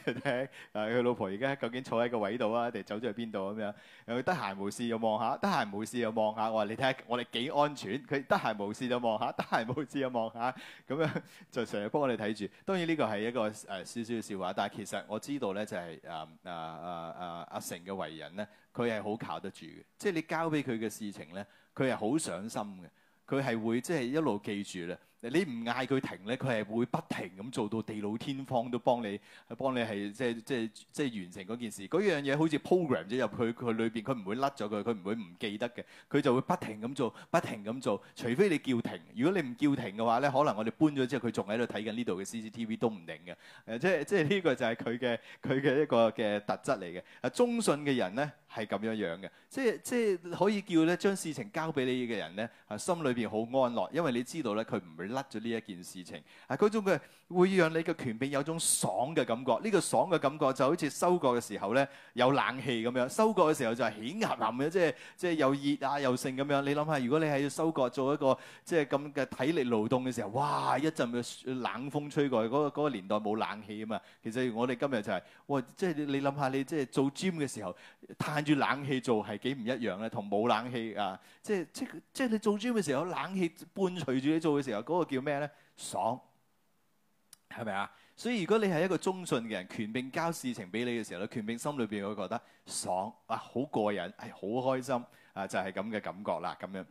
睇誒佢老婆而家究竟坐喺個位度啊，定走咗去邊度咁樣？又得閒無事又望下，得閒無事又望下。我話你睇下，我哋幾安全。佢得閒無事就望下，得閒無事又望下。咁樣就成日幫我哋睇住。當然呢個係一個誒少少笑話，但係其實我知道咧、就係啊啊啊啊，就係誒誒誒誒阿成嘅為人咧，佢係好靠得住嘅。即係你交俾佢嘅事情咧，佢係好上心嘅。佢係會即係一路記住咧。你唔嗌佢停咧，佢係會不停咁做到地老天荒都幫你，幫你係即係即係即係完成嗰件事。嗰樣嘢好似 program 咗入去佢裏邊，佢唔會甩咗佢，佢唔會唔記得嘅，佢就會不停咁做，不停咁做。除非你叫停，如果你唔叫停嘅話咧，可能我哋搬咗之後，佢仲喺度睇緊呢度嘅 CCTV 都唔定嘅。誒，即係即係呢個就係佢嘅佢嘅一個嘅特質嚟嘅。啊，忠信嘅人咧。係咁樣樣嘅，即係即係可以叫咧，將事情交俾你嘅人咧，啊，心裏邊好安樂，因為你知道咧，佢唔會甩咗呢一件事情。啊，佢嘅會讓你嘅權柄有種爽嘅感覺。呢個爽嘅感覺就好似收割嘅時候咧，有冷氣咁樣。收割嘅時候就係熱鹹鹹嘅，即係即係又熱啊又盛咁樣。你諗下，如果你喺要收割做一個即係咁嘅體力勞動嘅時候，哇！一陣嘅冷風吹過，去、嗰個，個、嗰、嗰個年代冇冷氣啊嘛。其實我哋今日就係、是，哇！即係你諗下，你即係做 gym 嘅時候，太。住冷氣做係幾唔一樣咧，同冇冷氣啊，即係即係即係你做 gym 嘅時候，冷氣伴隨住你做嘅時候，嗰個叫咩咧？爽，係咪啊？所以如果你係一個忠信嘅人，權柄交事情俾你嘅時候咧，權柄心裏邊會覺得爽，哇，好過癮，係好開心啊，就係咁嘅感覺啦，咁樣。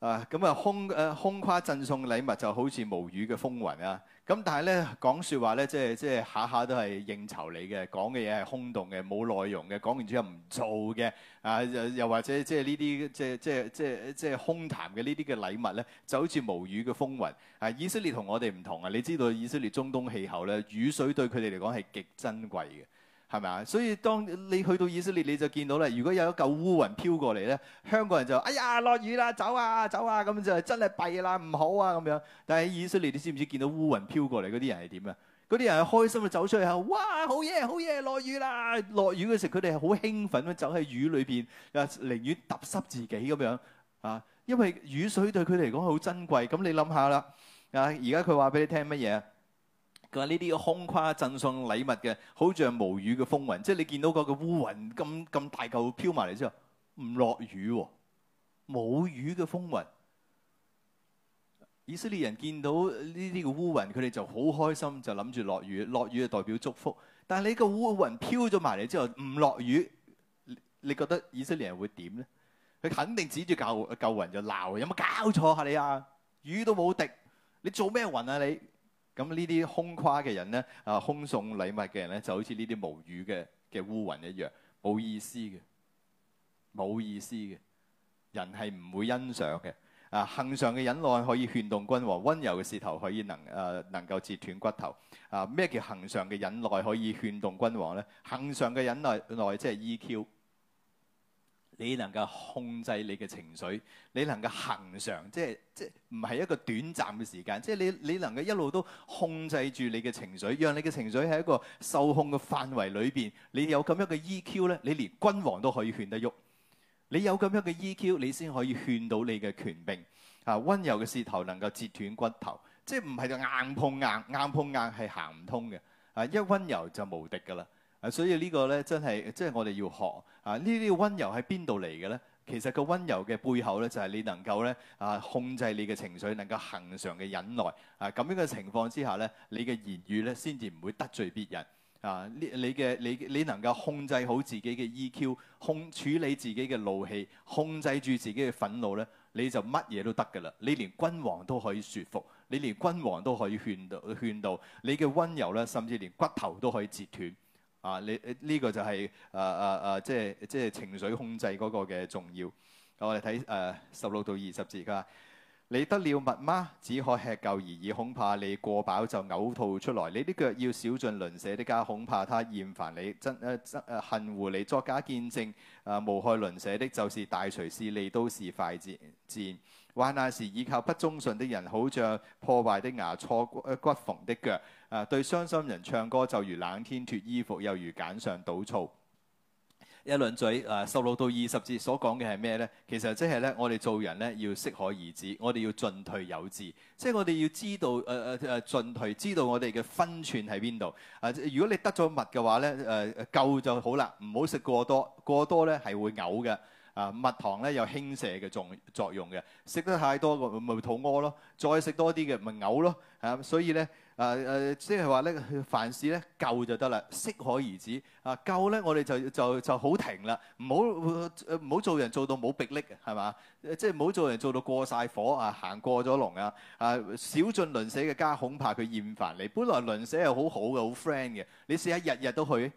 啊，咁啊空誒空跨贈送禮物就好似無雨嘅風雲啊！咁但係咧講説話咧，即係即係下下都係應酬你嘅，講嘅嘢係空洞嘅，冇內容嘅，講完之後唔做嘅啊！又又或者、就是、即係呢啲即係即係即係即係空談嘅呢啲嘅禮物咧，就好似無雨嘅風雲啊！以色列同我哋唔同啊，你知道以色列中東氣候咧，雨水對佢哋嚟講係極珍貴嘅。係咪啊？所以當你去到以色列，你就見到啦。如果有一嚿烏雲飄過嚟咧，香港人就哎呀落雨啦，走啊走啊，咁就真係弊啦，唔好啊咁樣。但係以色列，你知唔知見到烏雲飄過嚟嗰啲人係點啊？嗰啲人係開心咁走出去，哇好嘢好嘢，落雨啦！落雨嘅時，佢哋係好興奮咁走喺雨裏邊，啊寧願揼濕自己咁樣啊，因為雨水對佢哋嚟講好珍貴。咁你諗下啦，啊而家佢話俾你聽乜嘢？呢啲空誇贈送禮物嘅，好似係無雨嘅風雲，即係你見到嗰個烏雲咁咁大嚿飄埋嚟之後，唔落雨喎，冇雨嘅風雲。以色列人見到呢啲嘅烏雲，佢哋就好開心，就諗住落雨，落雨就代表祝福。但係你個烏雲飄咗埋嚟之後唔落雨，你覺得以色列人會點咧？佢肯定指住舊舊雲就鬧，有冇搞錯啊你啊？雨都冇滴，你做咩雲啊你？咁呢啲空誇嘅人咧，啊，空送禮物嘅人咧，就好似呢啲無雨嘅嘅烏雲一樣，冇意思嘅，冇意思嘅，人係唔會欣賞嘅。啊，恆常嘅忍耐可以勸動君王，温柔嘅舌頭可以能誒、呃、能夠截斷骨頭。啊，咩叫恆常嘅忍耐可以勸動君王咧？恆常嘅忍耐耐即係 EQ。你能夠控制你嘅情緒，你能夠恒常，即係即係唔係一個短暫嘅時間，即係你你能夠一路都控制住你嘅情緒，讓你嘅情緒喺一個受控嘅範圍裏邊。你有咁樣嘅 EQ 咧，你連君王都可以勸得喐。你有咁樣嘅 EQ，你先可以勸到你嘅權柄。啊，温柔嘅舌頭能夠截斷骨頭，即係唔係就硬碰硬，硬碰硬係行唔通嘅。啊，一温柔就無敵㗎啦。啊、所以個呢個咧真係，即係我哋要學啊。溫呢啲温柔喺邊度嚟嘅咧？其實個温柔嘅背後咧，就係、是、你能夠咧啊控制你嘅情緒，能夠恒常嘅忍耐啊。咁樣嘅情況之下咧，你嘅言語咧先至唔會得罪別人啊。你你嘅你你能夠控制好自己嘅 EQ，控處理自己嘅怒氣，控制住自己嘅憤怒咧，你就乜嘢都得㗎啦。你連君王都可以説服，你連君王都可以勸到勸到你嘅温柔咧，甚至連骨頭都可以截斷。啊，你、這、呢個就係誒誒誒，即係即係情緒控制嗰個嘅重要。咁我哋睇誒十六到二十字啊。你得了蜜嗎？只可吃夠而已，恐怕你過飽就嘔吐出來。你啲腳要少進鄰舍的家，恐怕他厭煩你，憎、呃、恨惡你。作假見證誒、呃、無害鄰舍的，就是大槌是，利刀是快箭箭。患難時依靠不忠信的人好，好像破壞的牙錯骨骨縫的腳。誒、呃、對傷心人唱歌，就如冷天脫衣服，又如鹼上倒醋。一輪嘴，誒，十六到二十節所講嘅係咩咧？其實即係咧，我哋做人咧要適可而止，我哋要進退有致，即係我哋要知道誒誒誒進退，知道我哋嘅分寸喺邊度。誒、呃，如果你得咗蜜嘅話咧，誒、呃、夠就好啦，唔好食過多，過多咧係會嘔嘅。誒、啊，蜜糖咧有輕瀉嘅作作用嘅，食得太多嘅咪肚屙咯，再食多啲嘅咪嘔咯。啊，所以咧。誒誒，即係話咧，凡事咧夠就得啦，適可而止。啊，夠咧，我哋就就就好停啦，唔好唔好做人做到冇臂力，係嘛？即係唔好做人做到過晒火啊，行過咗龍啊！啊，少進鄰舍嘅家，恐怕佢厭煩你。本來鄰舍係好好嘅，好 friend 嘅，你試下日日都去。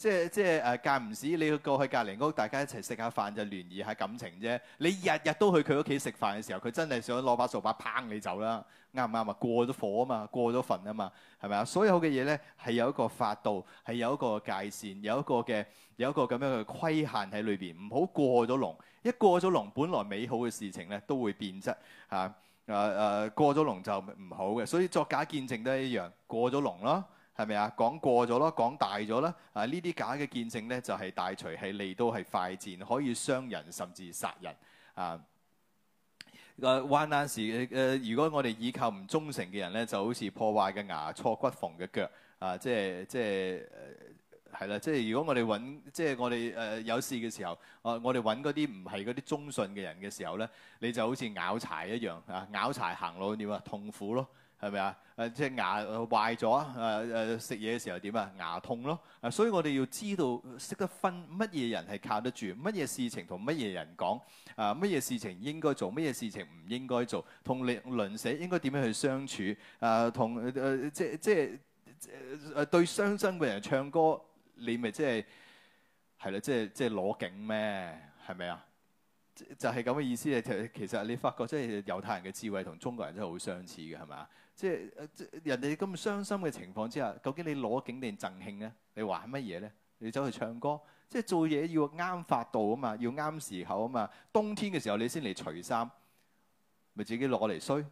即係即係誒，間唔時你要過去隔離屋，大家一齊食下飯就聯誼下感情啫。你日日都去佢屋企食飯嘅時候，佢真係想攞把掃把拚你走啦。啱唔啱啊？過咗火啊嘛，過咗份啊嘛，係咪啊？所有嘅嘢咧係有一個法度，係有一個界線，有一個嘅有一個咁樣嘅規限喺裏邊，唔好過咗龍。一過咗龍，本來美好嘅事情咧都會變質嚇。誒、啊、誒、啊啊，過咗龍就唔好嘅。所以作假見證都係一樣，過咗龍咯。係咪啊？講過咗咯，講大咗啦！啊，呢啲假嘅見證咧，就係、是、大錘，係利刀，係快箭，可以傷人，甚至殺人啊！誒患難時誒、啊、如果我哋依靠唔忠誠嘅人咧，就好似破壞嘅牙錯骨縫嘅腳啊！即係即係係啦！即係、啊、如果我哋揾即係我哋誒、啊、有事嘅時候，啊、我我哋揾嗰啲唔係嗰啲忠信嘅人嘅時候咧，你就好似咬柴一樣啊！咬柴行路點啊？痛苦咯！係咪啊？誒、呃，即係牙壞咗，誒、呃、誒，食嘢嘅時候點啊？牙痛咯。啊，所以我哋要知道識得分，乜嘢人係靠得住，乜嘢事情同乜嘢人講，啊，乜嘢事情應該做，乜嘢事情唔應該做，同你鄰舍應該點樣去相處，啊，同誒、呃、即即誒、啊、對傷心嘅人唱歌，你咪即係係啦，即係即係攞景咩？係咪啊？就係咁嘅意思。其實你發覺即係猶太人嘅智慧同中國人真係好相似嘅，係咪啊？即係誒，即人哋咁傷心嘅情況之下，究竟你攞景定贈慶咧？你玩乜嘢咧？你走去唱歌，即係做嘢要啱法度啊嘛，要啱時候啊嘛。冬天嘅時候你先嚟除衫，咪自己攞嚟衰，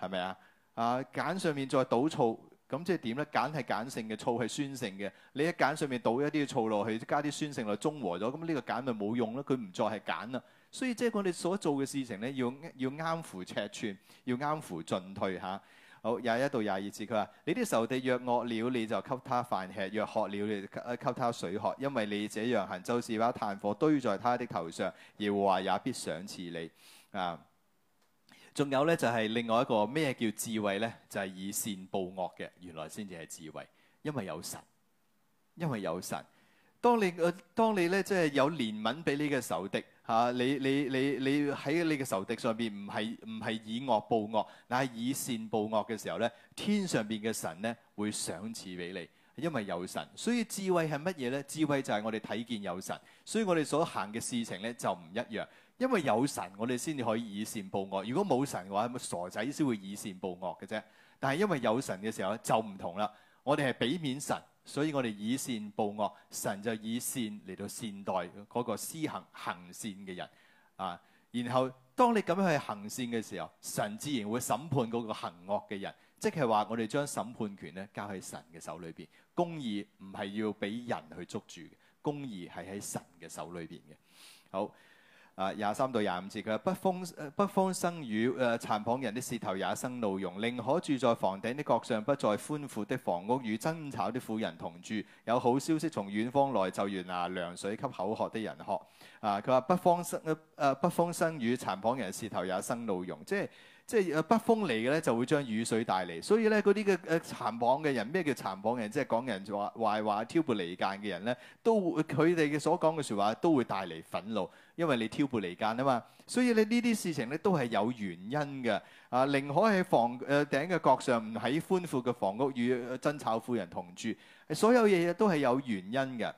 係咪啊？啊，鹼上面再倒醋，咁即係點咧？鹼係鹼性嘅，醋係酸性嘅。你喺鹼上面倒一啲醋落去，加啲酸性落，中和咗，咁呢個鹼咪冇用咯。佢唔再係鹼啦。所以即係我哋所做嘅事情咧，要要啱符尺寸，要啱符進退嚇。好，廿一到廿二節。佢話你啲仇敵若惡了，你就給他飯吃；若渴了，你就給他水喝。因為你這樣行，就是把炭火堆在他的頭上，耶和華也必賞賜你。啊，仲有咧就係、是、另外一個咩叫智慧咧？就係、是、以善報惡嘅，原來先至係智慧。因為有神，因為有神。當你個、呃、當你咧即係有憐憫俾你嘅仇敵。吓！你你你你喺你嘅仇敵上邊，唔係唔係以惡報惡，但係以善報惡嘅時候咧，天上邊嘅神咧會賞賜俾你，因為有神。所以智慧係乜嘢咧？智慧就係我哋睇見有神，所以我哋所行嘅事情咧就唔一樣。因為有神，我哋先至可以以善報惡。如果冇神嘅話，咁傻仔先會以善報惡嘅啫。但係因為有神嘅時候咧就唔同啦，我哋係俾面神。所以我哋以善報惡，神就以善嚟到善待嗰個施行行善嘅人啊。然後，當你咁樣去行善嘅時候，神自然會審判嗰個行惡嘅人。即係話，我哋將審判權咧交喺神嘅手裏邊，公義唔係要俾人去捉住嘅，公義係喺神嘅手裏邊嘅。好。啊，廿三到廿五節佢話：北風，北風生雨。誒、呃，讒謗人啲舌頭也生怒容，寧可住在房頂的角上，不在寬闊的房屋，與爭吵啲婦人同住。有好消息從遠方來，就如拿，涼水給口渴的人喝。啊，佢話北風生，誒、呃、北風生雨，讒謗人舌頭也生怒容。即係即係誒北風嚟嘅咧，就會將雨水帶嚟。所以咧，嗰啲嘅誒讒謗嘅人，咩叫讒謗人？即係講人話壞話、挑撥離間嘅人咧，都佢哋嘅所講嘅説話都會帶嚟憤怒。因為你挑撥離間啊嘛，所以你呢啲事情咧都係有原因嘅。啊，寧可喺房誒頂嘅角上，唔喺寬闊嘅房屋與爭吵婦人同住。所有嘢嘢都係有原因嘅。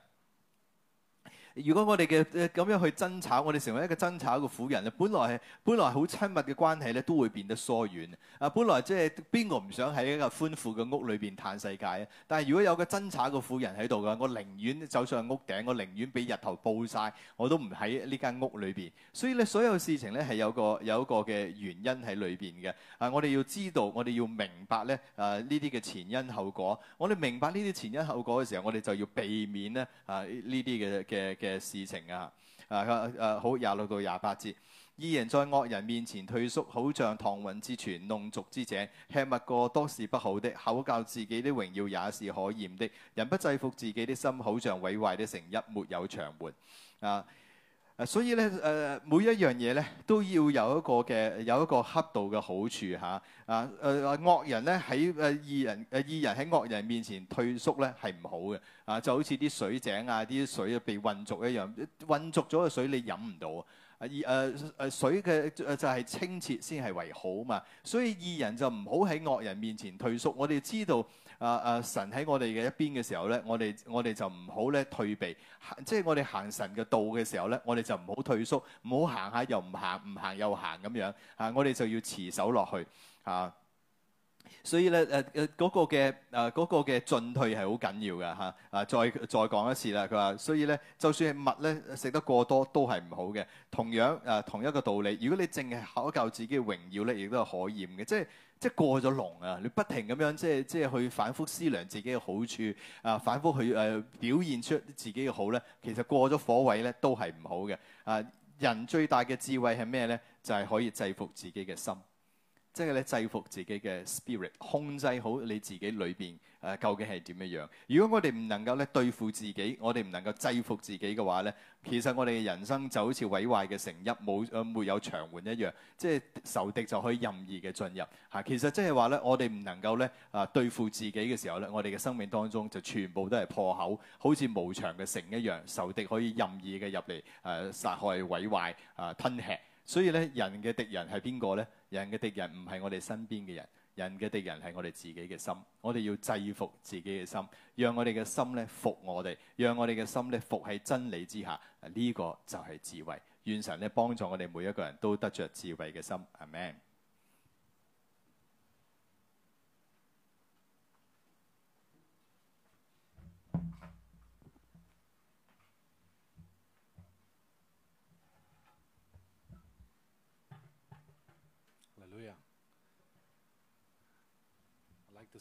如果我哋嘅咁樣去爭吵，我哋成為一個爭吵嘅婦人咧。本來係本來好親密嘅關係咧，都會變得疏遠。啊，本來即係邊個唔想喺一個寬闊嘅屋裏邊嘆世界咧？但係如果有個爭吵嘅婦人喺度嘅，我寧願走上屋頂，我寧願俾日頭曝曬，我都唔喺呢間屋裏邊。所以咧，所有事情咧係有個有一個嘅原因喺裏邊嘅。啊，我哋要知道，我哋要明白咧，啊呢啲嘅前因後果。我哋明白呢啲前因後果嘅時候，我哋就要避免咧啊呢啲嘅嘅。嘅事情啊，啊，誒、啊，好廿六到廿八節，依然在惡人面前退縮，好像唐雲之泉弄濁之井，吃物過多是不好的，口教自己的榮耀也是可厭的，人不制服自己的心，好像毀壞的城邑，一沒有長存啊。啊，所以咧，誒、呃、每一樣嘢咧都要有一個嘅有一個恰到嘅好處嚇啊！誒、呃、惡人咧喺誒義人誒義人喺惡人面前退縮咧係唔好嘅啊，就好似啲水井啊，啲水被混濁一樣，混濁咗嘅水你飲唔到啊！而誒誒、啊、水嘅就係清澈先係為好嘛，所以義人就唔好喺惡人面前退縮。我哋知道。啊啊！神喺我哋嘅一邊嘅時候咧，我哋我哋就唔好咧退避，即係我哋行神嘅道嘅時候咧，我哋就唔好退縮，唔好行下又唔行，唔行又行咁樣啊！我哋就要持守落去啊！所以咧，誒誒嗰個嘅誒嗰個嘅進退係好緊要嘅嚇。啊，再再講一次啦，佢話：所以咧，就算係物咧食得過多都係唔好嘅。同樣誒、啊，同一個道理，如果你淨係考究自己榮耀咧，亦都係可厭嘅。即係即係過咗龍啊！你不停咁樣即係即係去反覆思量自己嘅好處啊，反覆去誒、呃、表現出自己嘅好咧，其實過咗火位咧都係唔好嘅。啊，人最大嘅智慧係咩咧？就係、是、可以制服自己嘅心。即係咧，制服自己嘅 spirit，控制好你自己裏邊誒，究竟係點樣樣？如果我哋唔能夠咧對付自己，我哋唔能夠制服自己嘅話咧，其實我哋嘅人生就好似毀壞嘅城邑冇誒沒，沒有牆垣一樣，即係仇敵就可以任意嘅進入嚇、啊。其實即係話咧，我哋唔能夠咧啊對付自己嘅時候咧，我哋嘅生命當中就全部都係破口，好似無牆嘅城一樣，仇敵可以任意嘅入嚟誒殺害毀壞啊吞吃。所以咧，人嘅敵人係邊個咧？人嘅敵人唔係我哋身邊嘅人，人嘅敵人係我哋自己嘅心。我哋要制服自己嘅心，讓我哋嘅心咧服我哋，讓我哋嘅心咧服喺真理之下。呢個就係智慧。願神咧幫助我哋每一個人都得着智慧嘅心。Amen。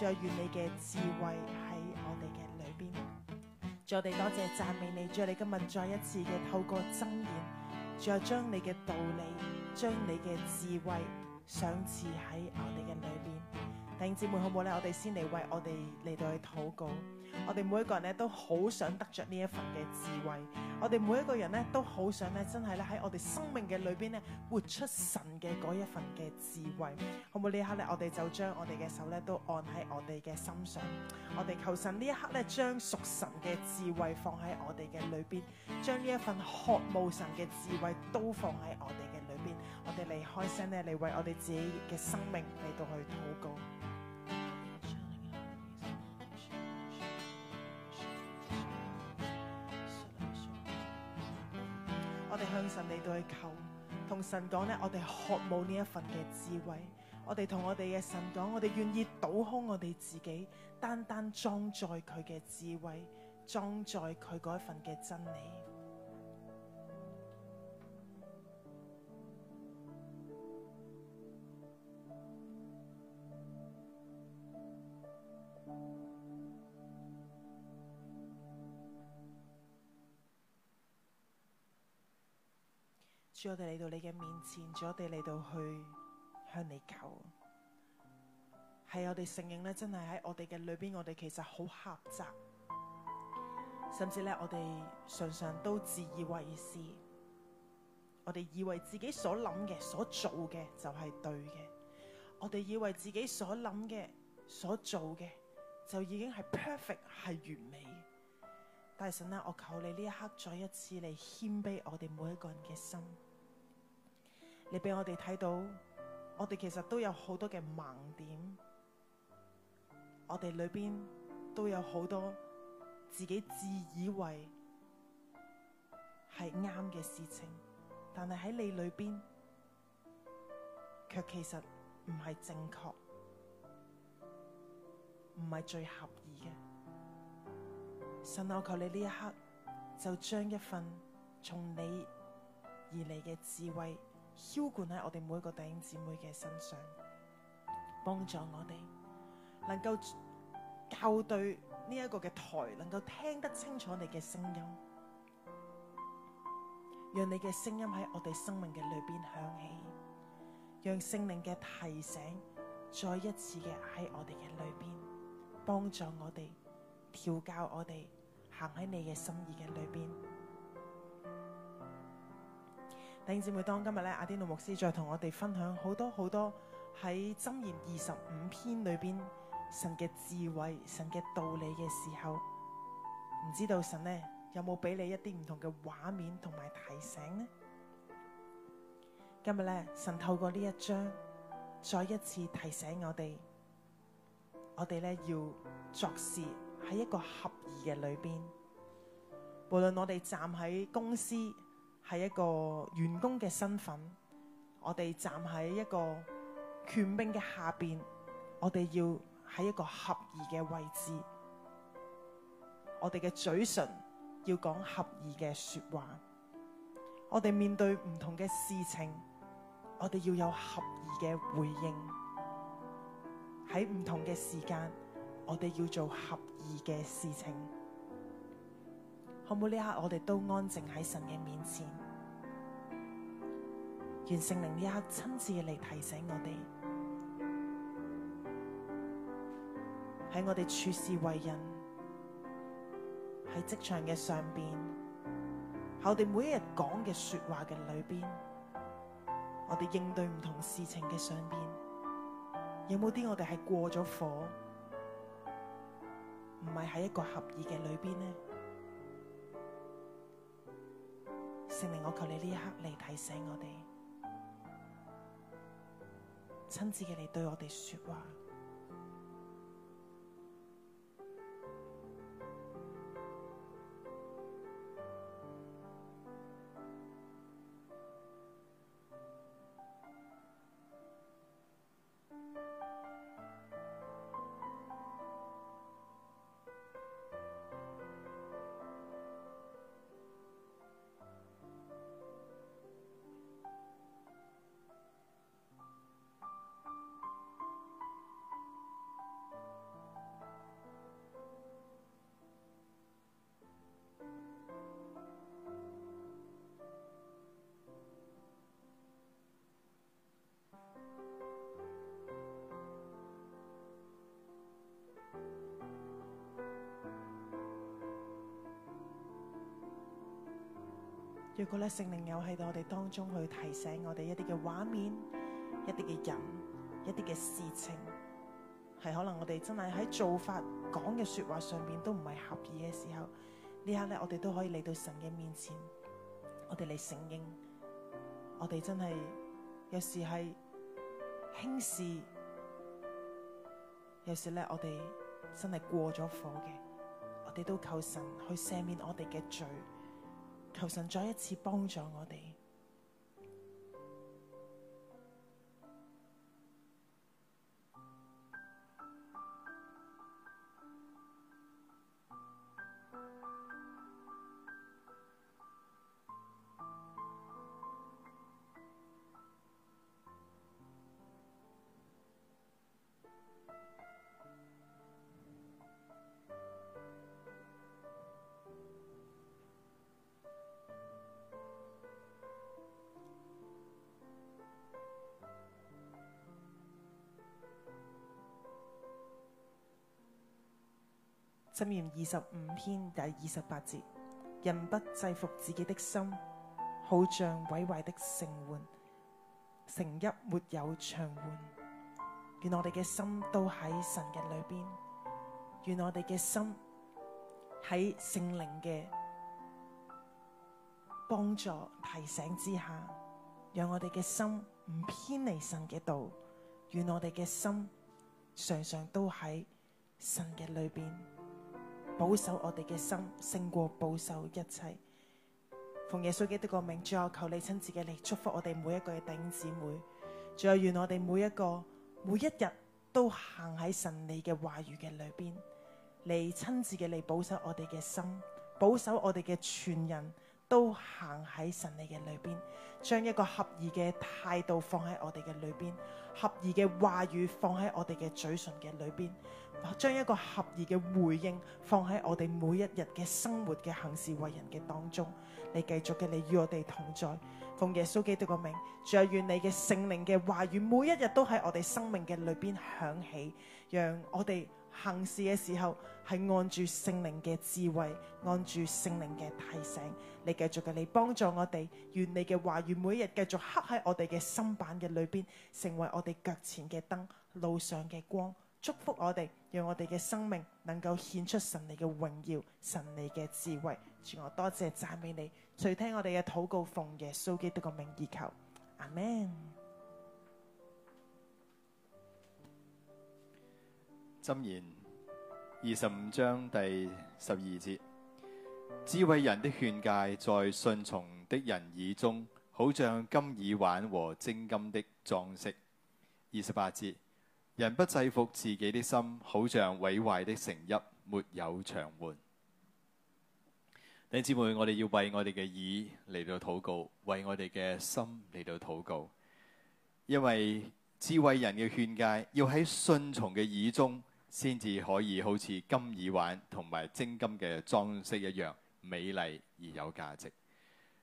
再願你嘅智慧喺我哋嘅裏邊，再我哋多謝讚美你，再你今日再一次嘅透過箴言，再將你嘅道理、將你嘅智慧賞賜喺我哋嘅裏邊。弟兄姊妹好唔好咧？我哋先嚟為我哋嚟到去禱告。我哋每一個人咧都好想得着呢一份嘅智慧。我哋每一個人咧都好想咧，真係咧喺我哋生命嘅裏邊咧，活出神嘅嗰一份嘅智慧，好唔好呢一刻咧？我哋就將我哋嘅手咧都按喺我哋嘅心上，我哋求神呢一刻咧，將屬神嘅智慧放喺我哋嘅裏邊，將呢一份渴慕神嘅智慧都放喺我哋嘅裏邊，我哋嚟開聲咧，嚟為我哋自己嘅生命嚟到去禱告。求同神講咧，我哋渴望呢一份嘅智慧，我哋同我哋嘅神講，我哋願意倒空我哋自己，單單裝載佢嘅智慧，裝載佢嗰一份嘅真理。主，我哋嚟到你嘅面前，主，我哋嚟到去向你求。係我哋承認咧，真係喺我哋嘅裏邊，我哋其實好狹窄，甚至咧，我哋常常都自以為是。我哋以為自己所諗嘅、所做嘅就係對嘅，我哋以為自己所諗嘅、所做嘅就已經係 perfect，係完美。大神啊，我求你呢一刻再一次嚟謙卑我哋每一個人嘅心。你俾我哋睇到，我哋其實都有好多嘅盲點，我哋裏邊都有好多自己自以為係啱嘅事情，但係喺你裏邊卻其實唔係正確，唔係最合意嘅。神，我求你呢一刻就將一份從你而嚟嘅智慧。澆灌喺我哋每一個弟兄姊妹嘅身上，幫助我哋能夠校對呢一個嘅台，能夠聽得清楚你嘅聲音，讓你嘅聲音喺我哋生命嘅裏邊響起，讓聖靈嘅提醒再一次嘅喺我哋嘅裏邊，幫助我哋調教我哋行喺你嘅心意嘅裏邊。弟兄姊妹當，當今日咧，阿天路牧師再同我哋分享好多好多喺《箴言》二十五篇裏邊神嘅智慧、神嘅道理嘅時候，唔知道神呢有冇俾你一啲唔同嘅畫面同埋提醒呢？今日咧，神透過呢一章再一次提醒我哋，我哋咧要作事喺一個合宜嘅裏邊，無論我哋站喺公司。係一個員工嘅身份，我哋站喺一個權柄嘅下邊，我哋要喺一個合宜嘅位置，我哋嘅嘴唇要講合宜嘅說話，我哋面對唔同嘅事情，我哋要有合宜嘅回應，喺唔同嘅時間，我哋要做合宜嘅事情。可唔可以呢刻我哋都安靜喺神嘅面前，願聖靈呢刻親自嚟提醒我哋，喺我哋處事為人，喺職場嘅上邊，喺我哋每一日講嘅說話嘅裏邊，我哋應對唔同事情嘅上邊，有冇啲我哋係過咗火，唔係喺一個合意嘅裏邊呢？聖靈，我求你呢一刻嚟提醒我哋，親自嘅嚟對我哋說話。如果咧，聖靈有喺到我哋當中去提醒我哋一啲嘅畫面、一啲嘅人、一啲嘅事情，係可能我哋真係喺做法、講嘅説話上邊都唔係合意嘅時候，呢刻咧我哋都可以嚟到神嘅面前，我哋嚟承認，我哋真係，有時係輕視，有時咧我哋真係過咗火嘅，我哋都求神去赦免我哋嘅罪。求神再一次幫助我哋。箴言二十五篇第二十八節：人不制服自己的心，好像毀壞的城垣，城邑沒有牆垣。願我哋嘅心都喺神嘅裏邊，願我哋嘅心喺聖靈嘅幫助提醒之下，讓我哋嘅心唔偏離神嘅道。願我哋嘅心常常都喺神嘅裏邊。保守我哋嘅心勝過保守一切。奉耶穌基督嘅名，最後求你親自嘅嚟祝福我哋每一個弟兄姊妹。主啊，願我哋每一個每一日都行喺神你嘅話語嘅裏邊，嚟親自嘅嚟保守我哋嘅心，保守我哋嘅全人。都行喺神理嘅裏邊，將一個合宜嘅態度放喺我哋嘅裏邊，合宜嘅話語放喺我哋嘅嘴唇嘅裏邊，將一個合宜嘅回應放喺我哋每一日嘅生活嘅行事為人嘅當中。你繼續嘅，你與我哋同在，奉耶穌基督個名。主啊，願你嘅聖靈嘅話語每一日都喺我哋生命嘅裏邊響起，讓我哋。行事嘅時候係按住聖靈嘅智慧，按住聖靈嘅提醒，你繼續嘅你幫助我哋，願你嘅話語每日繼續刻喺我哋嘅心版嘅裏邊，成為我哋腳前嘅燈，路上嘅光，祝福我哋，讓我哋嘅生命能夠顯出神你嘅榮耀，神你嘅智慧。主我多謝讚美你，垂聽我哋嘅禱告，奉耶穌基督嘅名義求，阿門。箴言二十五章第十二節：智慧人的勸戒在順從的人耳中，好像金耳環和精金的裝飾。二十八節：人不制服自己的心，好像毀壞的城邑，沒有牆垣。弟兄姊妹，我哋要為我哋嘅耳嚟到禱告，為我哋嘅心嚟到禱告，因為智慧人嘅勸戒要喺順從嘅耳中。先至可以好似金耳環同埋精金嘅裝飾一樣美麗而有價值。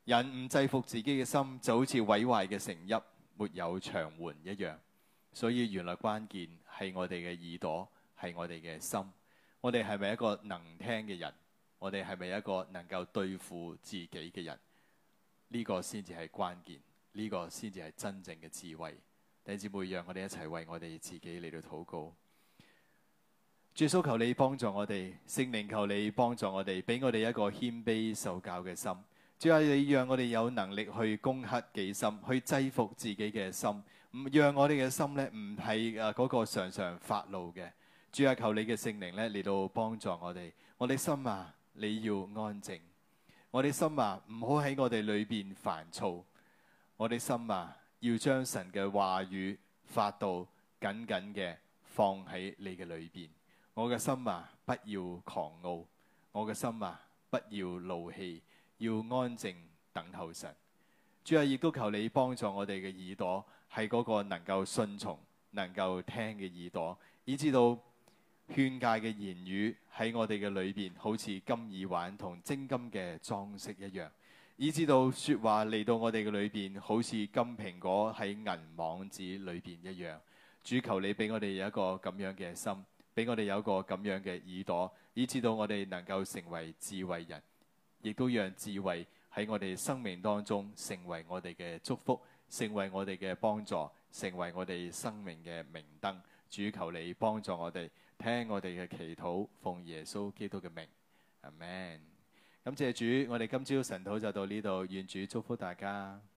人唔制服自己嘅心，就好似毀壞嘅城邑，沒有牆垣一樣。所以原來關鍵係我哋嘅耳朵，係我哋嘅心。我哋係咪一個能聽嘅人？我哋係咪一個能夠對付自己嘅人？呢個先至係關鍵，呢個先至係真正嘅智慧。弟兄姊妹，讓我哋一齊為我哋自己嚟到禱告。主蘇，求你幫助我哋，聖靈，求你幫助我哋，俾我哋一個謙卑受教嘅心。主啊，你讓我哋有能力去攻克己心，去制服自己嘅心，唔讓我哋嘅心咧唔係誒嗰個常常發怒嘅。主啊，求你嘅聖靈咧嚟到幫助我哋。我哋心啊，你要安靜，我哋心啊，唔好喺我哋裏邊煩躁，我哋心啊，要將神嘅話語法道緊緊嘅放喺你嘅裏邊。我嘅心啊，不要狂傲；我嘅心啊，不要怒氣，要安靜等候神。主啊，亦都求你幫助我哋嘅耳朵，係嗰個能夠順從、能夠聽嘅耳朵，以致到勸誡嘅言語喺我哋嘅裏邊，好似金耳環同精金嘅裝飾一樣；以致到說話嚟到我哋嘅裏邊，好似金蘋果喺銀網子裏邊一樣。主求你俾我哋有一個咁樣嘅心。俾我哋有一個咁樣嘅耳朵，以至到我哋能夠成為智慧人，亦都讓智慧喺我哋生命當中成為我哋嘅祝福，成為我哋嘅幫助，成為我哋生命嘅明燈。主求你幫助我哋聽我哋嘅祈禱，奉耶穌基督嘅名，阿門。感謝主，我哋今朝神土就到呢度，願主祝福大家。